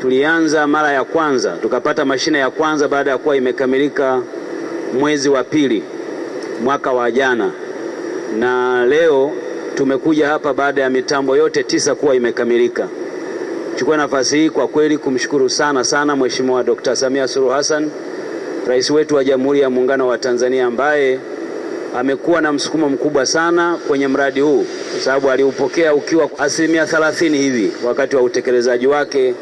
Tulianza mara ya kwanza tukapata mashine ya kwanza baada ya kuwa imekamilika mwezi wa pili mwaka wa jana, na leo tumekuja hapa baada ya mitambo yote tisa kuwa imekamilika. Chukua nafasi hii kwa kweli kumshukuru sana sana Mheshimiwa Dkt. Samia Suluhu Hassan, rais wetu wa Jamhuri ya Muungano wa Tanzania, ambaye amekuwa na msukumo mkubwa sana kwenye mradi huu, kwa sababu aliupokea ukiwa asilimia 30 hivi wakati wa utekelezaji wake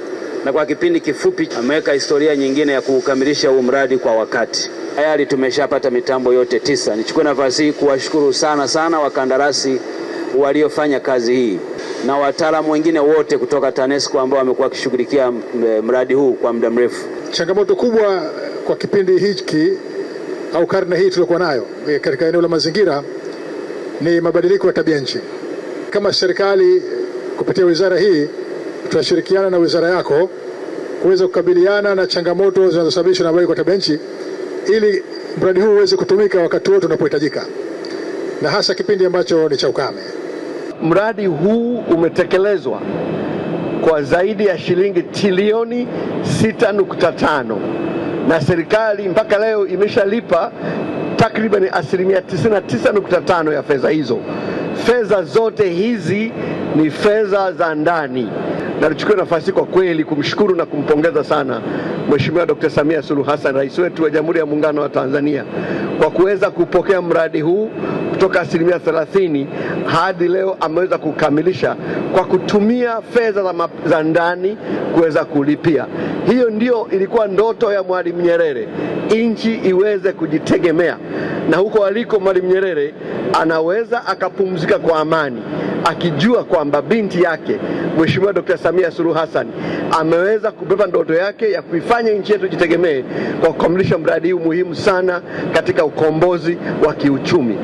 na kwa kipindi kifupi ameweka historia nyingine ya kukamilisha huu mradi kwa wakati. Tayari tumeshapata mitambo yote tisa. Nichukue nafasi hii kuwashukuru sana sana wakandarasi waliofanya kazi hii na wataalamu wengine wote kutoka TANESCO ambao wamekuwa wakishughulikia eh, mradi huu kwa muda mrefu. Changamoto kubwa kwa kipindi hiki au karne hii tuliokuwa nayo eh, katika eneo la mazingira ni mabadiliko ya tabia nchi. Kama serikali kupitia wizara hii tutashirikiana na wizara yako kuweza kukabiliana na changamoto zinazosababishwa na mabadiliko ya nchi ili mradi huu uweze kutumika wakati wote unapohitajika na hasa kipindi ambacho ni cha ukame. Mradi huu umetekelezwa kwa zaidi ya shilingi trilioni 6.5 na serikali mpaka leo imeshalipa takriban asilimia 99.5 ya fedha hizo. Fedha zote hizi ni fedha za ndani, na nichukue nafasi kwa kweli kumshukuru na kumpongeza sana Mheshimiwa Dr. Samia Suluhu Hassan, rais wetu wa Jamhuri ya Muungano wa Tanzania, kwa kuweza kupokea mradi huu kutoka asilimia 30 hadi leo ameweza kukamilisha kwa kutumia fedha za, za ndani kuweza kulipia. Hiyo ndio ilikuwa ndoto ya Mwalimu Nyerere, nchi iweze kujitegemea, na huko aliko Mwalimu Nyerere anaweza akapumzika kwa amani akijua kwamba binti yake Mheshimiwa Dkt. Samia Suluhu Hassan ameweza kubeba ndoto yake ya kuifanya nchi yetu jitegemee kwa kukamilisha mradi huu muhimu sana katika ukombozi wa kiuchumi.